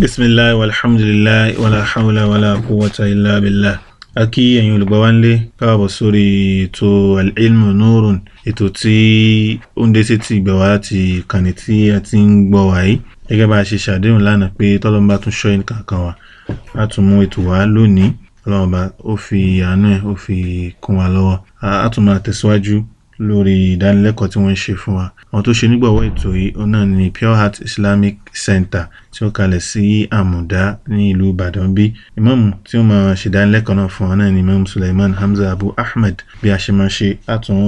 bisimilahi walhamdulilayi walahawla walakuwata illa billah a kí ẹ̀yin olùgbàwánlé káàbọ̀ sórí ètò alilmu nurun ètò tí ó ń dé sí ti ìgbà wá láti ìkànnì tí a ti ń gbọ́ wá yìí gẹ́gẹ́ bá a ṣe ṣàdéhùn lánàá pé tọ́lọ́mbà tún ṣọ́ ẹnì kankan wa a tún mú ètò wá lónìí ọlọ́mọba ó fi àánú ẹ̀ ó fi kún wa lọ́wọ́ a tún máa tẹ̀síwájú lórí ìdánilẹ́kọ̀ọ́ tí wọ́n ń ṣe fún wa. Àwọn tó ṣe onígbọ̀wọ́ ètò yìí òun náà ni Pure Heart Islamic Center tí ó kalẹ̀ sí Àmùdá ní ìlú Ìbàdàn bí. Ìmáàmù tí ó máa ṣèdánilẹ́kọ̀ọ́ náà fún wa náà ni Imam Sulaiman Hamza Abu Ahmed bí a ṣe máa ṣe àtún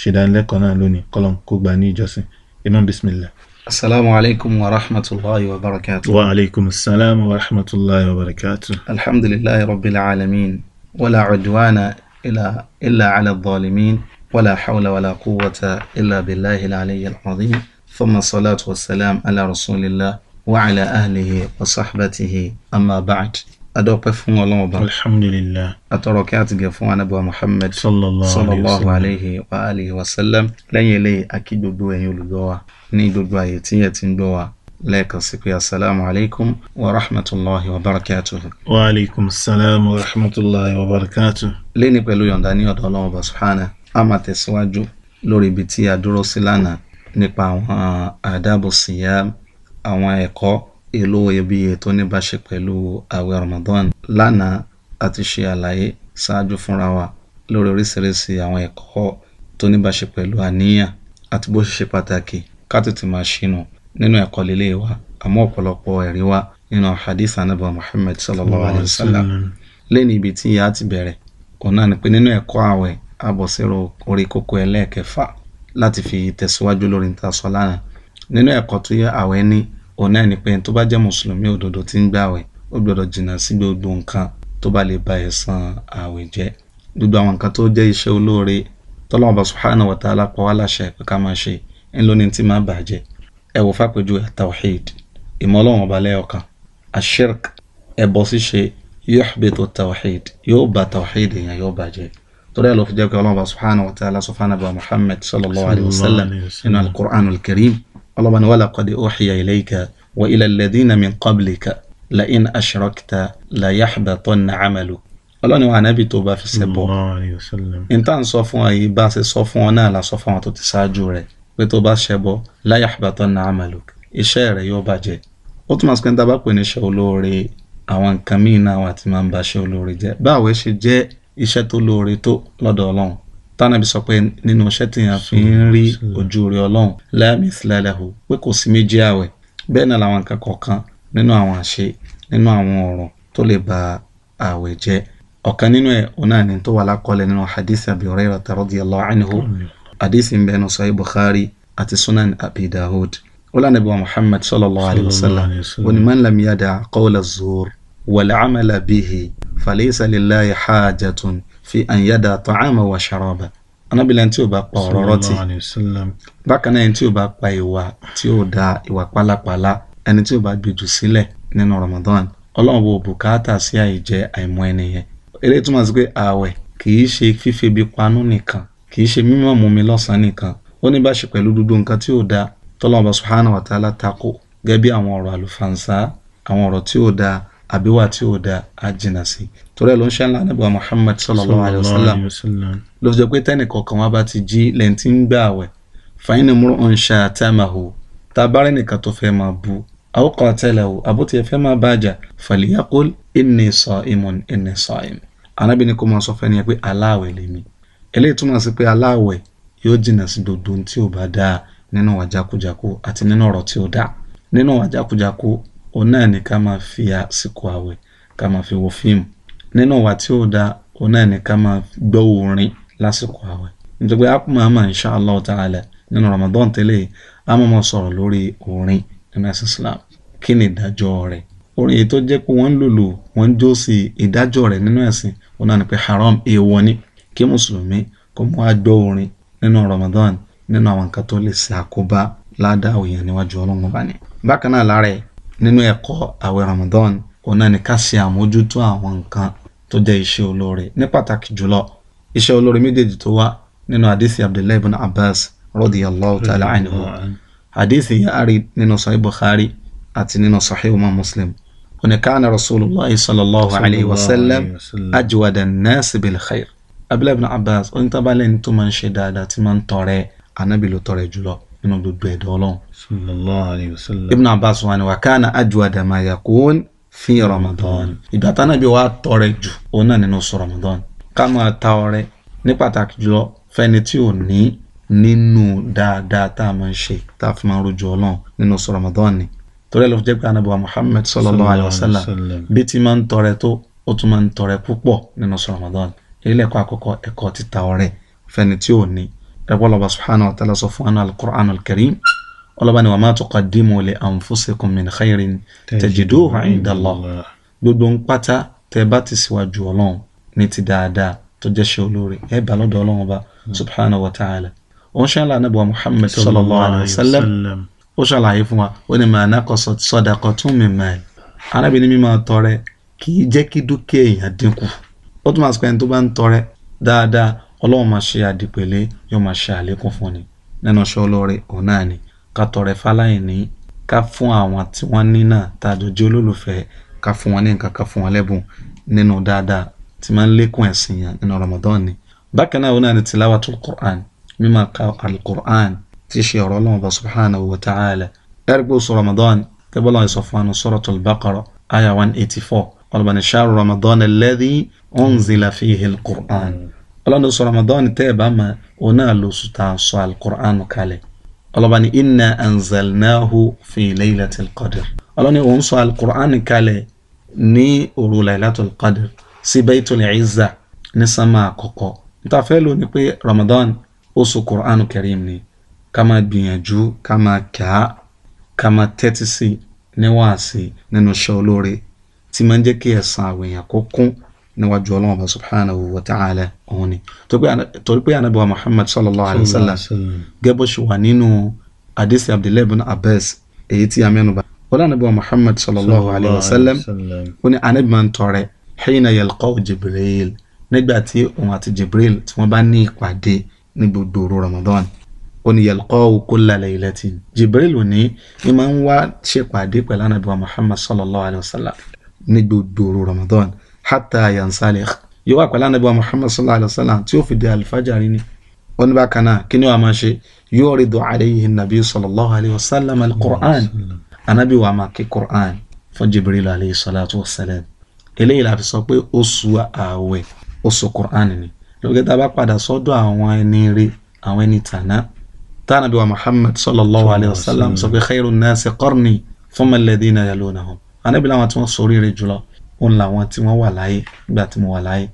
ṣèdánilẹ́kọ̀ọ́ náà lónìí kọ́lọ́n kó gbà ní ìjọsìn. Imam Bismillah. Assalamu wa rahmatullahi wa barakatuh. Wa alaikum assalam wa rahmatullahi wa barakatuh. Alhamdulillahi rabbil alamin. Wala udwana illa ala dhalimin. ولا حول ولا قوة إلا بالله العلي العظيم ثم الصلاة والسلام على رسول الله وعلى أهله وصحبته أما بعد adọ́pẹ́ fún ọlọ́run ọba. alhamdulilah. atọ́rọ̀ kí a ti gẹ̀ fún anábọ̀ muhammed. sallallahu alayhi wa alihi wa sallam. lẹ́yìn eléyìí a kí gbogbo ẹ̀yin olùgbọ́ wa ní gbogbo àyè tí ẹ̀ ti ń gbọ́ wa lẹ́ẹ̀kan sí pé asalaamu alaykum wa rahmatulahi wa barakatuhu. wa alaykum salaam wa rahmatulahi wa barakatuhu. lẹ́ni pẹ̀lú yọ̀ǹda ní ọ̀dọ̀ ọlọ́run ọba subhanahu a máa tẹ̀síwájú lórí ibi tí a dúró sí lánàá nípa àwọn àdábò àwọn ẹ̀kọ́ èlò iyebíye tó ní pẹ̀lú àwẹ̀ Ramadan lánàá a ti ṣe àlàyé ṣáájú fúnra wa lórí oríṣiríṣi àwọn ẹ̀kọ́ tó ní bá ṣe pẹ̀lú àníyàn àti bó ṣe ṣe pàtàkì ká tètè máa ṣìnà nínú ẹ̀kọ́ líle wa àmọ́ ọ̀pọ̀lọpọ̀ ẹ̀rí wa nínú hadith anabi Muhammad sallallahu alayhi wa sallam lẹ́ni ibi tí ìyá ti bẹ̀rẹ̀ òun náà ni pé nínú ẹ̀kọ́ àwẹ̀ a bọ̀ sí orí kókó ẹlẹ́ẹ̀kẹfà láti fi tẹ̀síwájú lórí níta sọ lánàá nínú ẹ̀kọ́ tó yẹ àwẹ̀ ní òun náà ni pé tó bá jẹ́ mùsùlùmí òdodo tí ń gbàwẹ̀ ó gbọ́dọ̀ jìnnà sí gbogbo nǹkan tó bá lè ba ẹ̀san àwẹ̀ jẹ́ gbogbo àwọn nǹkan tó jẹ́ iṣẹ́ olóore tọ́lọ́wọ́n bá subhanahu wa ta'ala pa wá láṣẹ pé ká máa ṣe ńlọ ní tí máa bàjẹ́ ẹ wò fàpèjú tawhid ìmọ̀ Ọlọ́run ọba lẹ́yọ̀kan ashirk ẹ̀bọ ṣíṣe yuhbitu tawhid yóò ba tawhid èèyàn yóò bàjẹ́ طلع له في ديوك الله سبحانه وتعالى سبحانه محمد صلى الله عليه وسلم إن القرآن الكريم الله ولقد أوحي إليك وإلى الذين من قبلك لئن أشركت ليحبطن عملك ọlọ́ni wa ànábì tó bá fi ṣe bọ̀ n tá n sọ fún ọ yìí bá ṣe sọ fún ọ náà la sọ fún ọ tó ti ṣáájú rẹ pé tó bá ṣe bọ la yahbatanna amaluk iṣẹ́ rẹ yóò bàjẹ́ ó túmọ̀ sí pé n tá bá pè ní iṣẹ́ olóore àwọn nǹkan míì náà wà tí máa ń ba iṣẹ́ olóore jẹ́ báwo ṣe jẹ́ iṣẹ́ tó lóore tó lọ́dọ̀ ọlọ́run tánàbí sọ pé nínú iṣẹ́ téèyàn fi ń rí ojú rere ọlọ́run lẹ́ẹ̀mí sílẹ̀lẹ́hù pé kò sí méjì ààwẹ̀ bẹ́ẹ̀ náà làwọn nǹkan kọ̀ọ̀kan nínú àwọn àṣe nínú àwọn ọ̀ràn tó lè ba ààwẹ̀ jẹ́ ọ̀kan nínú ẹ̀ òun náà ni tó wà lákọọ́lẹ̀ nínú hadith Abi Hurayrah radiyallahu anhu hadith ń bẹnu Sahih Bukhari àti sunan Abi Dawud wọ́n lánàá Muhammad sallallahu alayhi wa sallam wọn ni man lam yada qawla bihi falaysa lillahi hajatun fi an yada ta'ama wa sharaba anábìlẹ̀ tí o bá pa ọ̀rọ̀ ọ̀rọ̀ tì bákan náà ẹni tí o bá pa ìwà tí o da ìwà pálapàla ẹni tí o bá gbèjù sílẹ̀ nínú Ramadan ọlọ́run wo bùkátà sí àìjẹ àìmọ ẹni yẹn eléyìí túmọ̀ sí pé ààwẹ̀ kì í ṣe fífebi panú nìkan kì ṣe mímọ̀ mú lọ́sàn-án nìkan ó ní bá ṣe pẹ̀lú dúdú nǹkan tí ò da tọ́lọ́mọba subhanahu wa ta'ala tako gẹ́gẹ́ bí àwọn ọ̀rọ̀ àlùfànṣá àwọn ọ̀rọ̀ tí ò da àbí wà tí ò da á jìnnà sí torí ẹ ló ń ṣe ńlá nígbà Muhammad sallallahu alayhi wa sallam ló fi jẹ pé tẹ́nì kọ̀ọ̀kan wa bá ti jí lẹ́yìn tí ń gbà àwẹ̀ fàyín ni múrò ń ṣe àtàmàhò tá nìkan tó fẹ́ máa bu àwòkọ́ àtẹlẹ o àbótí ẹ fẹ́ máa bá àjà fàlìyàkùl inni sa'imun inni sa'im anábì ni kò máa sọ fẹ́ni pé aláàwẹ̀ lèmi eléyìí túmọ̀ sí pé aláàwẹ̀ yóò jìnnà sí gbogbo ohun tí ò bá dáa nínú àjákujàku àti nínú ọ̀rọ̀ tí ò dáa nínú àjákujàku òun náà ni ká máa fi àsìkò àwẹ̀ ká máa fi wo fíìmù nínú ìwà tí ò dáa òun náà ni ká máa gbọ́ orin lásìkò àwẹ̀ nítorí pé ápù máa máa insha Allah ta'ala nínú Ramadan tẹ́lẹ̀ á máa máa sọ̀rọ̀ lórí orin nínú ẹ̀sìn Islam kí ni ìdájọ́ rẹ̀ orin èyí tó jẹ́ pé wọ́n ń lòlò wọ́n ń jó sí ìdájọ́ rẹ̀ nínú ẹ̀sìn òun ni pé haram èèwọ̀ ni kí mùsùlùmí kó mú àgbọ̀ orin nínú Ramadan nínú àwọn nǹkan tó lè ṣe àkóbá ládàá òyìn níwájú ọlọ́run bá bákan náà lára ẹ̀ nínú ẹ̀kọ́ àwẹ̀ Ramadan òun náà ni ká ṣe àmójútó àwọn nǹkan tó jẹ́ iṣẹ́ olóore ní pàtàkì jùlọ iṣẹ́ olóore méjèèjì tó wá nínú hadithi Abdullahi ibn Abbas radiyallahu ta'ala anhu hadithi yìí ari nínú Sahih Bukhari àti nínú Sahih Imam Muslim òní káàna Rasulullah sallallahu alayhi wa sallam ajwada nnaasi bil khair Abdullahi ibn Abbas onítàbálẹ̀ ní tó máa ń ṣe dáadáa tí máa ń tọrẹ anábìlú tọrẹ jùlọ nínú gbogbo ẹ̀dọ́ ọlọ́run. sallallahu alayhi wa sallam. ibn abbas wa ni wa kana ajwada ma yakun fi ramadan. ìgbà tá náà bí wàá tọrẹ jù òun náà nínú oṣù ramadan. ká máa ta ọrẹ ní pàtàkì jùlọ fẹni tí ò ní nínú dáadáa tá a máa ń ṣe tá a fi máa ń rojú ọlọ́run nínú oṣù ramadan ni. torí ẹ ló fi jẹ́ pé anabiwa muhammad sallallahu alayhi wa sallam bí ti máa ń tọrẹ tó ó tún máa ń tọrẹ púpọ̀ nínú oṣù ramadan. ilé ẹ̀kọ́ àkọ́kọ́ ẹ̀kọ́ títa ọrẹ fẹni tí ò ní ẹgbọ́lọba subhanahu wa ta'ala sọ fún anu al-Qur'an al-Karim ọlọ́ba ni wa ma tuqaddimu li anfusikum min khairin tajiduhu 'inda Allah gbogbo ń pátá tẹ́ bá ti síwájú ọlọ́run ní ti dáadáa tó jẹ́ ṣe olóore ẹ bá lọ́dọ̀ ọlọ́run ọba subhanahu wa ta'ala òun ṣàlàyé ànábì wa Muhammad sallallahu alayhi wa sallam ó ṣàlàyé fún wa ó ní ma naqasat sadaqatun min mal arábìnrin mi máa tọrẹ kì í jẹ́ kí dúkìá èèyàn dínkù ó tún máa sọ pé ẹni tó bá ń tọrẹ dáadáa ọlọ́run máa ṣe àdìpẹ̀lẹ́ yóò máa ṣe àlékún fún ni nínú iṣẹ́ ọlọ́rẹ òun náà ni ká tọrẹ fáláìní ká fún àwọn tí wọ́n ní náà tá a jọ jẹ́ olólùfẹ́ ká fún wọn ní nǹkan ká fún wọn lẹ́bùn nínú dáadáa tí máa ń lékún ẹ̀sìn yàn nínú Ramadan ni bákan náà òun náà ni tilawatul Qur'an mímọ̀ ká al-Qur'an ṣe ọ̀rọ̀ ọlọ́run bá subhanahu wa ta'ala ẹ̀rgbẹ́ oṣù Ramadan kẹ́bọ́lá ìsọfúnni suratul Baqara aya one eighty four ọlọ́bàní shahru Ramadan alladhi unzila fihi al-Qur'an ọlọ́run oṣù ramadan tẹ́ ẹ bá ma òun náà lóṣù tá a sọ alukur'an kalẹ̀ ọlọ́ba ni inna anzalnahu fi laylatil qadr ọlọ́ni òun sọ alukur'an kalẹ̀ ní òru laylatul qadr sí baytul izza ní sánmà àkọ́kọ́ nítafẹ́ ló ní pé ramadan oṣù kur'an karim ni ká máa gbìyànjú ká máa kà á ká máa tẹ́tí sí níwáàsí nínú iṣẹ́ olóore tí máa ń jẹ́ níwájú ọlọ́run ọba subhanahu wa ta'ala òun ni torí pé anabi wa muhammad sallallahu alayhi wa sallam gẹ́bọ̀ ṣe wà nínú adisi abdullahi bin abbas èyí tí a mẹ́nuba ọlọ́run anabi wa muhammad sallallahu alayhi wa sallam ó ní anabi máa ń tọrẹ hina yalqaw jibril nígbà tí òun àti jibril tí wọ́n bá ní ìpàdé ní gbogbo òru ramadan oni yalqahu kulla laylatin jibril ni ima ń wá ṣèpàdé pẹ̀lú anabi muhammad sallallahu alayhi wa sallam ní gbogbo ramadan hata yansalẹ̀ yóò wà pẹ̀lú anabi wa muhammad sallallahu alayhi wa sallam tí ó fi di alifajari ni ó ní bákan náà kí ni wàá máa ṣe yóò rí dùn àlẹ́yìí nàbí sallallahu alayhi wa sallam alukur'an anabi wa máa kí kur'an fún jibril alayhi salatu wa salam eléyìí la fi sọ pé oṣù ààwẹ̀ oṣù kur'an ni lókè tá a bá padà sọ́dọ̀ àwọn ẹni rí àwọn ẹni tàná tánàbí wa muhammad sallallahu alayhi wa sallam sọ pé khayrun nasi qarni thumma alladhina yalunahum anabi làwọn tí wọ́n sọ oríire jùlọ òun làwọn tí wọ́n wà láyé nígbà tí mo wà láyé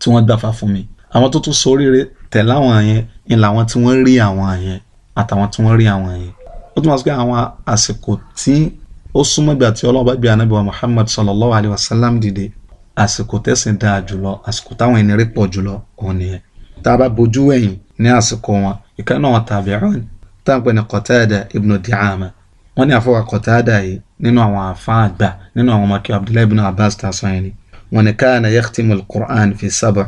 tí wọ́n gbáfa fún mi àwọn tó tún soríire tẹ̀lé àwọn yẹn ni làwọn tí wọ́n rí àwọn yẹn àtàwọn tí wọ́n rí àwọn yẹn ó tún wá sí pé àwọn àsìkò tí ó súnmọ́ ìgbà tí ọlọ́run bá gbé anábìwá Muhammad sallallahu alayhi wa sallam dìde àsìkò tẹ̀sìn dáa jùlọ àsìkò táwọn ẹni rí pọ̀ jùlọ òun nìyẹn tá a bá bojú wẹ̀yìn ní àsìkò wọn ìkànnì àwọn tàbí ẹ̀rọ tá à ń pè ní Qatada ibn Di'ama wọ́n ní àfọwà Qatada yìí nínú àwọn àfáà àgbà nínú àwọn ọmọ kí Abdullahi ibn Abbas ta sọ yẹn ni wọ́n ní kana yakhtimul Qur'an fi sab'a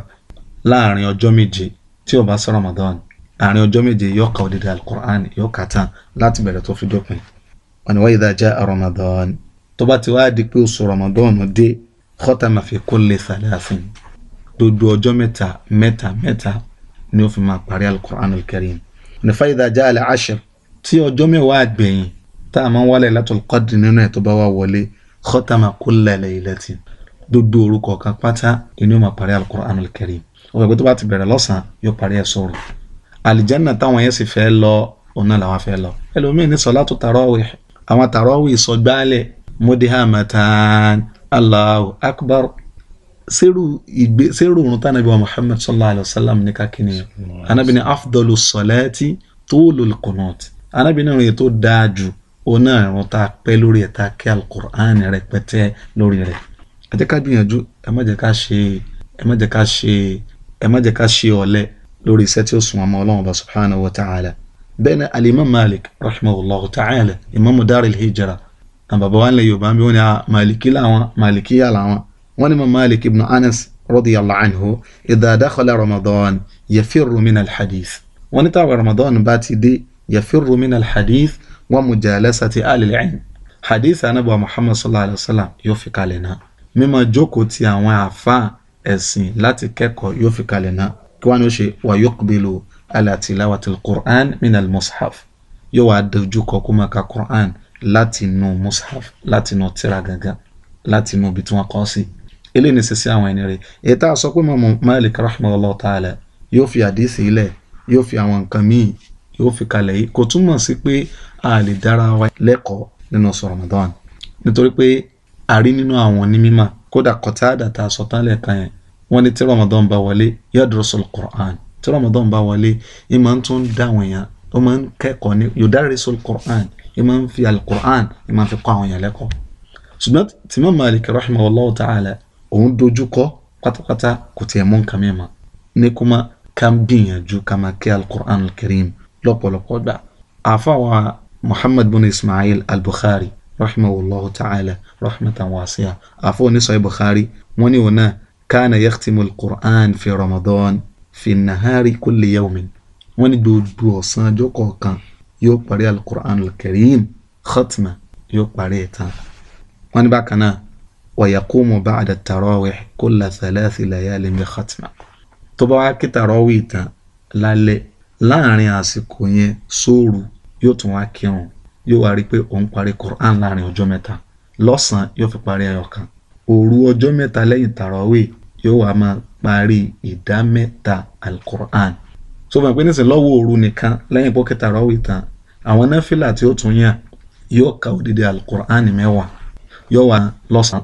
láàrin ọjọ́ méje tí ó bá sọ Ramadan àárín ọjọ́ méje yóò ka òdìdí alukur'an yóò kà tán láti bẹ̀rẹ̀ tó fi dópin wọn wá idha jaa ramadan tó bá ti wá di pé oṣù ramadan dé khatama fi kulli thalathin gbogbo ọjọ́ mẹ́ta mẹ́ta mẹ́ta ni ó fi máa parí alukur'an al tá a máa ń wálẹ̀ látọ̀lù kọ́dì nínú ẹ̀ tó bá wà wọlé khatama kulla laylatin gbogbo òru kọ̀ọ̀kan pátá inú yóò máa parí al-Qur'anul Karim ó gbàgbé tó bá ti bẹ̀rẹ̀ lọ́sàn-án yóò parí ẹ̀ sọ̀rọ̀ àlìjánà táwọn yẹn sì fẹ́ lọ òun náà làwọn fẹ́ lọ ẹlòmíín ní sọlá tó tarawih àwọn tarawih ìsọgbálẹ̀ mudihamatan Allahu akbar sẹ́rù ìgbé sẹ́rù òrùn tá anabi wa Muhammad sallallahu alayhi wa sallam ní kakínì anabi ní òun náà ìrun tá a pẹ́ lórí ẹ̀ tá a kí alukur'an rẹpẹtẹ lórí rẹ̀ ẹ jẹ́ ká gbìyànjú ẹ má jẹ́ ká ṣe ẹ má jẹ́ ká ṣe ẹ má jẹ́ ká ṣe ọ̀lẹ lórí iṣẹ́ tí ó sùn ọmọ ọlọ́run bá subhanahu wa ta'ala bẹ́ẹ̀ ni alimam malik rahimahullah ta'ala imam daril hijra àwọn bàbá wa ń lẹ yorùbá bí wọ́n ní ah, maliki làwọn maliki yà làwọn wọ́n ní malik ibn anas radiyallahu anhu idha dakhala ramadan yafirru min alhadith wọ́n ní táwọn ramadan bá ti dé yafirru min alhadith wa mujalasati alil ilm hadith anabuwa muhammad sallallahu alayhi wa sallam yóò fi kalẹ̀ náà mímọ jókòó ti àwọn àáfàá ẹ̀sìn láti kẹ́kọ̀ọ́ yóò fi kalẹ̀ náà kí wọ́n ní ó ṣe wa yuqbilu ala tilawatil qur'an minal mushaf yóò wá dojú kọ kó máa ka qur'an láti inú mushaf láti inú tírà gangan láti inú ibi tí wọ́n kọ́ sí eléyìí ní sísẹ́ àwọn ẹni rẹ̀ èyí tá a sọ pé mọ̀mọ́ malik rahmanulah ta'ala yóò fi àdísì ilẹ̀ yóò fi àwọn nǹkan míì yóò fi kalẹ̀ yìí kò túmọ̀ sí pé a lè dára wa lẹ́kọ̀ọ́ nínú oṣù Ramadan nítorí pé a rí nínú àwọn ní mímọ̀ kódà Qatada tá sọ tán yẹn wọ́n ní tí Ramadan bá wọlé yadrusul Qur'an tí Ramadan bá wọlé ẹ máa ń tún dáwọn èèyàn ó máa ń kẹ́kọ̀ọ́ ní yudarisul Qur'an ẹ máa ń fi al-Qur'an ẹ máa ń fi kọ́ àwọn èèyàn lẹ́kọ̀ọ́ ṣùgbọ́n tìmọ̀ Malik rahimahullahu ta'ala òun dojú kọ pátápátá kò tiẹ̀ mú nǹkan mìíràn ní kó má ká gbìyànjú al-Qur'an al-Karim lọ́pọ̀lọpọ̀ gbà. àfàwà muhammad bin ismail al-bukhari rahimahullahu ta'ala rahmatan wasi'a àfọ oníṣòwò bukhari wọ́n ní òun náà kana yakhtimu al-qur'an fi ramadan fi nahari kulli yawmin wọ́n ní gbogbo ọ̀sán ọjọ́ kọ̀ọ̀kan yóò parí al-qur'an al-karim khatma yóò parí ẹ̀ tán. wọ́n ní bákan náà ويقوم بعد التراويح كل ثلاث ليال بختمة طبعا كتراويتا لالي láàrin àsìkò yẹn sóòru yóò tún wá kírun yóò wá rí i pé òun parí Quran láàrin ọjọ́ mẹ́ta lọ́sàn-án yóò fi parí ẹyọ kan òru ọjọ́ mẹ́ta lẹ́yìn tàràwé yóò wá máa parí ìdá mẹ́ta al-Quran tó fún mi pé nísìnyí lọ́wọ́ òru nìkan lẹ́yìn pọ́kì tàràwé tán àwọn náfìlà tí ó tún yàn yóò ka òdìdí al-Quran mẹ́wàá yóò wá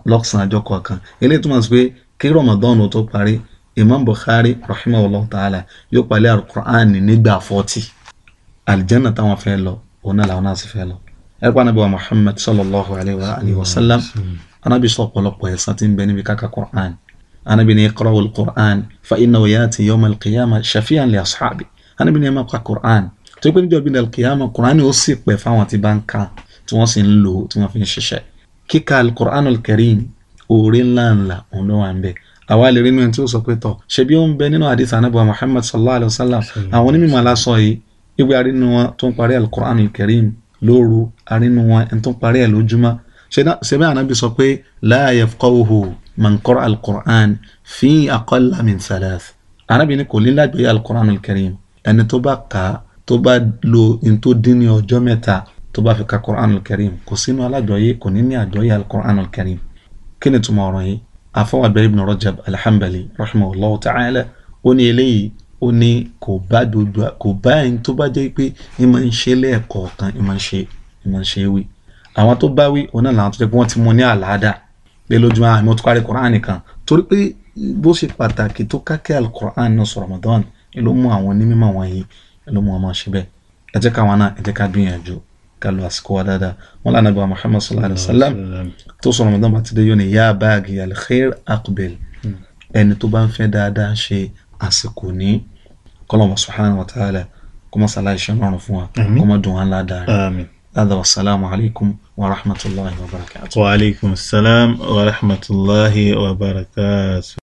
lọ́sàn-án ọjọ́ kọ̀ọ̀kan eléyìí túmọ̀ sí pé kí Ramadan tó parí imam bukhari rahimahullah ta'ala yóò parí alukur'an nígbà forty alijanna táwọn fẹ́ lọ òun náà làwọn náà sì fẹ́ lọ ẹ̀rọ anabi wa muhammad sallallahu alayhi wa sallam anabi sọ ọ̀pọ̀lọpọ̀ ẹ̀san tí ń bẹ níbi káka kur'an anabi ni iqra'u al-Qur'an fa innahu ya'ti yawm al-qiyamah shafi'an li ashabi anabi ni ẹ máa ka kur'an tó pé níjọ́ bíi al-qiyamah kur'an ó sì pẹ̀ fáwọn tí bá ń ka tí wọ́n sì ń lò tí wọ́n fi ń ṣiṣẹ́ kíka al-Qur'an al ńlá ńlá òun ló wà ń bẹ́ẹ̀ àwa lè rí nínú tí ó sọ pé tọ̀ ṣebí ó ń bẹ nínú àdìsá anábọ̀ Muhammad sallallahu alayhi wa sallam àwọn onímọ̀ aláṣọ yìí ìwé arínú wọn tó ń parí al-Qur'an al-Karim lóru arínú wọn ẹni tó ń parí ẹ̀ lójúmọ́ ṣebí anábì sọ pé la yafqahuhu man qara'a al-Qur'an fi aqalla min thalath anábì ni kò ní lágbèé al-Qur'an al-Karim ẹni tó bá kà á tó bá lo in tó dín ní ọjọ́ mẹ́ta tó bá fi ka Qur'an al kò sínú alájọyé kò ní ní àjọyé al-Qur'an kí ni túmọ̀ ọ̀rọ̀ yìí afọwọ́ Agbari ibn Rajab al-Hanbali rahimahullahu ta'ala ó ní eléyìí ó ní kò bá dodo kò bá ẹni tó bá jẹ́ pé ẹ máa ń ṣe lẹ́ẹ̀kọ̀ọ̀kan ẹ máa ń ṣe ẹ máa ń ṣe wí àwọn tó bá wí òun náà làwọn tó jẹ́ pé wọ́n ti mú ní àlàáda pé lójúmọ́ àmì ó ti parí Kùránì nìkan torí pé bó ṣe pàtàkì tó kákẹ́ al náà sọ Ramadan ló mú àwọn onímọ̀ wọ̀nyí ló mú wọn máa ṣe bẹ́ẹ̀ ẹ jẹ́ káwọn náà ẹ jẹ́ ká gbìyànjú kalwasko dáadáa wọn lànà bá muhammad sallallahu alayhi wa sallam tó sọ ramadan bá ti dé yóò ní yá báàgì alkhair aqbil ẹni tó bá ń fẹ́ dáadáa ṣe àsìkò ní kọlọmọ subhanahu wa ta'ala kọmọ sàlàyé ṣe fún wa kọmọ dùn án ládàá rẹ هذا والسلام عليكم ورحمة الله وبركاته وعليكم السلام ورحمة الله وبركاته